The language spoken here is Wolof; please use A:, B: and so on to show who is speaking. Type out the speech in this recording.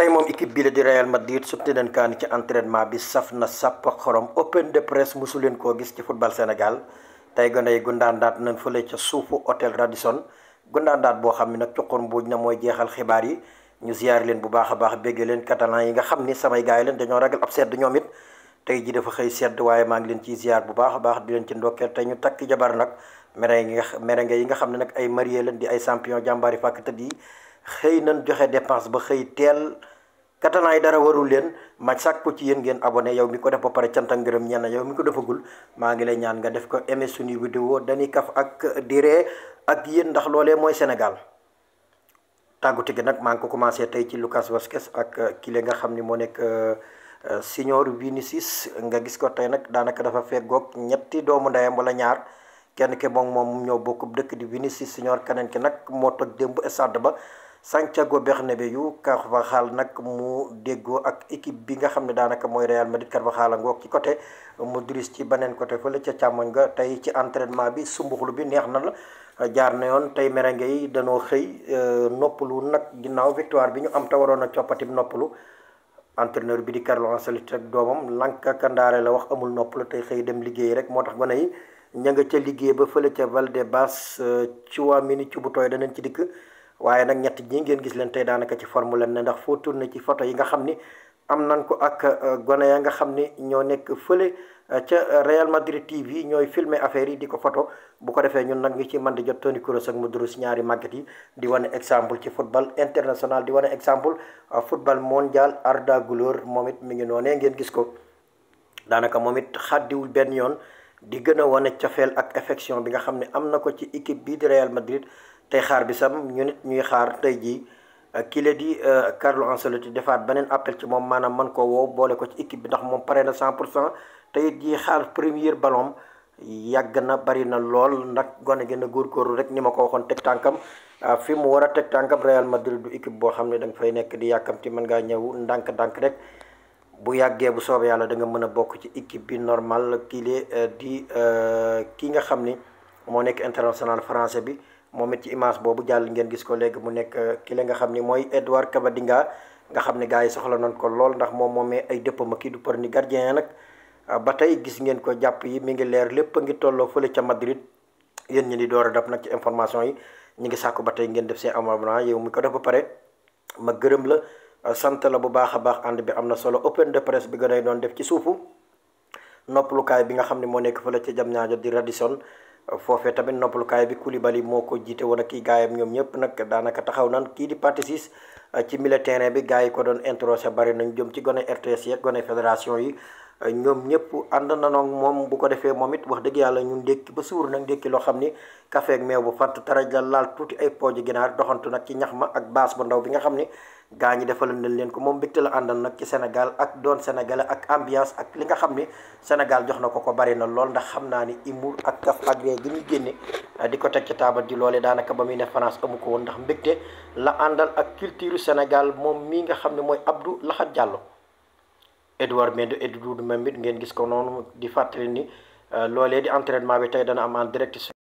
A: tey moom équipe bi la di Real Madrid subti den kaani ci entraînement bi saf na sàpp ak xorom open de presse mosu leen koo gis ci football Sénégal tey gone yi gundaandaat nañ fële ca suufu hôtel Radisson gundaandaat boo xam ne nag cuqur mbuuj na mooy jeexal xibaar yi ñu ziyaar leen bu baax a baax bégge leen catalan yi nga xam ni samay gars yi leen dañoo ragal ab sedd ñoom it tey ji dafa xëy sedd waaye maa ngi leen ciy ziyaar bu baax a baax di leen ci ndokkeel tey ñu takk jabar nag merengue yi nga xam ne nag ay marié leen di ay champion jàmbaari fàkk tëdd yi xëy nañ joxe dépense ba xëy teel catalan yi dara warul leen ma sàkku ci yéen ngeen abonné yow mi ko def ba pare cant ak ngërëm ñenn yow mi ko defagul maa ngi lay ñaan nga def ko aimé suñu vidéo dañuy kaf ak diree ak yéen ndax loole mooy senegal tàggute gi nag maa ngi ko commencé tey ci Lucas Vazquez ak kile nga xam ni moo nekk euh, Senior Vinicius nga gis ko tey nag daanaka dafa feggoog ñetti doomu ndeyam wala ñaar kenn ke moom moom ñoo bokk dëkk di Vinicius Senior keneen ki nag moo toog démb stade ba Santiago Bernabéu Carvajal nag mu déggoo ak équipe bi nga xam ne daanaka mooy Real Madrid Carvajal a ngoog ci côté Modric ci beneen côté fële ca càmmoñ ga tey ci entraînement bi sumbuxlu bi neex na la jaar na yoon tey merengue yi dañoo xëy euh, noppalu nag ginnaaw victoire bi ñu am te waroon a coppatim noppalu entraîneur bi di Carlo Ancelotti rek doomam lanka ndaaree la wax amul nopp la tey xëy dem liggéey rek moo tax ba ne yi ña nga ca liggéey ba fële ca Valdebebas euh, ci waa mini ci bu tooy danañ ci dikk waaye nag ñett ñi ngeen gis leen tey daanaka ci forme leen ne ndax foo tourné ci photo yi nga xam ni am nañ ko ak euh, gone ya nga xam ni ñoo nekk fële euh, ca Real Madrid TV ñooy filmer affaire yi di ko photo bu ko defee ñun nag ñu ci mën di jot Toni Kroos ak Modou Lô ñaari màgget yi di wane exemple ci football international di wane exemple euh, football mondial Arda Güler moom it mi ngi noonee ngeen gis ko daanaka moom it xàddiwul benn yoon di gën a wane cofeel ak affection bi nga xam ne am na ko ci équipe bii di Real Madrid tey xaar bi sam ñu nit ñuy xaar tey jii euh, kii la di euh, Carlo Ancelotti defaat beneen appel ci moom maanaam man koo woo boole ko ci équipe bi ndax moom pare na 100 pour cent te it ji xaar premier ballon yàgg na bari na lool ndax gone gën góor góorgóorlu rek ni ma ko waxoon teg tànkam euh, fi mu war a teg tànkam Real Madrid du équipe boo xam ne da fay nekk di yàkkamti mën ngaa ñëw ndànk-ndànk rek bu yàggee bu soobee yàlla da nga mën a bokk ci équipe bi normal kii di ki nga xam ni moo nekk international français bi. moo it ci image boobu jàll ngeen gis ko léegi mu nekk euh, ki la nga xam ni mooy Edouard Kabadinga nga xam ne gars yi soxla nañ ko lool ndax moom moomee ay dëppam ak kii du për ni gardien nag euh, ba tey gis ngeen ko jàpp yi mi ngi leer lépp a ngi tolloo fële ca Madrid yéen ñi ni door def nag ci information yi ñu ngi sàkku ba tey ngeen def seen amabna yow mi ko def ba pare ma gërëm la euh, sant la bu baax a baax ànd bi am na solo open de presse bi gën a doon def ci suufu noppalukaay bi nga xam ne moo nekk fële ca jam ñaajo di Radisson foofee tamit noppalukaay bi Koulibaly moo ko jiite woon ak kii gaayam ñoom ñëpp nag daanaka taxaw nan kii di parti ci milieu terrain bi gars yi ko doon introsé bari nañ jëm ci gone RTS yeeg gone fédération yi ñoom ñëpp ànd na noog moom bu ko defee moom it wax dëgg yàlla ñun ndékki ba suur nag ndékki loo xam ni café ak meew bu fàtt taraj la laal tuuti ay pooji ginaar doxantu nag ci ñax ma ak baas bu ndaw bi nga xam ni gaa ñi defal nañ leen ko moom mbégte la àndal nag ci Sénégal ak doon sénégalais ak ambiance ak li nga xam ni Sénégal jox na ko ko bari na lool ndax xam naa ni humour ak kaf ak ree gi ñuy génne ah, di ko teg ci taabal di loolee daanaka ba muy ne France amu ko woon ndax mbégte la àndal ak culture Sénégal moom mii nga xam ne mooy Abdou Lahad Diallo Edouard Mendy Edouard Mendy ngeen gis ko noonu di fàttali ni euh, loolee di entraînement bi tey dana am en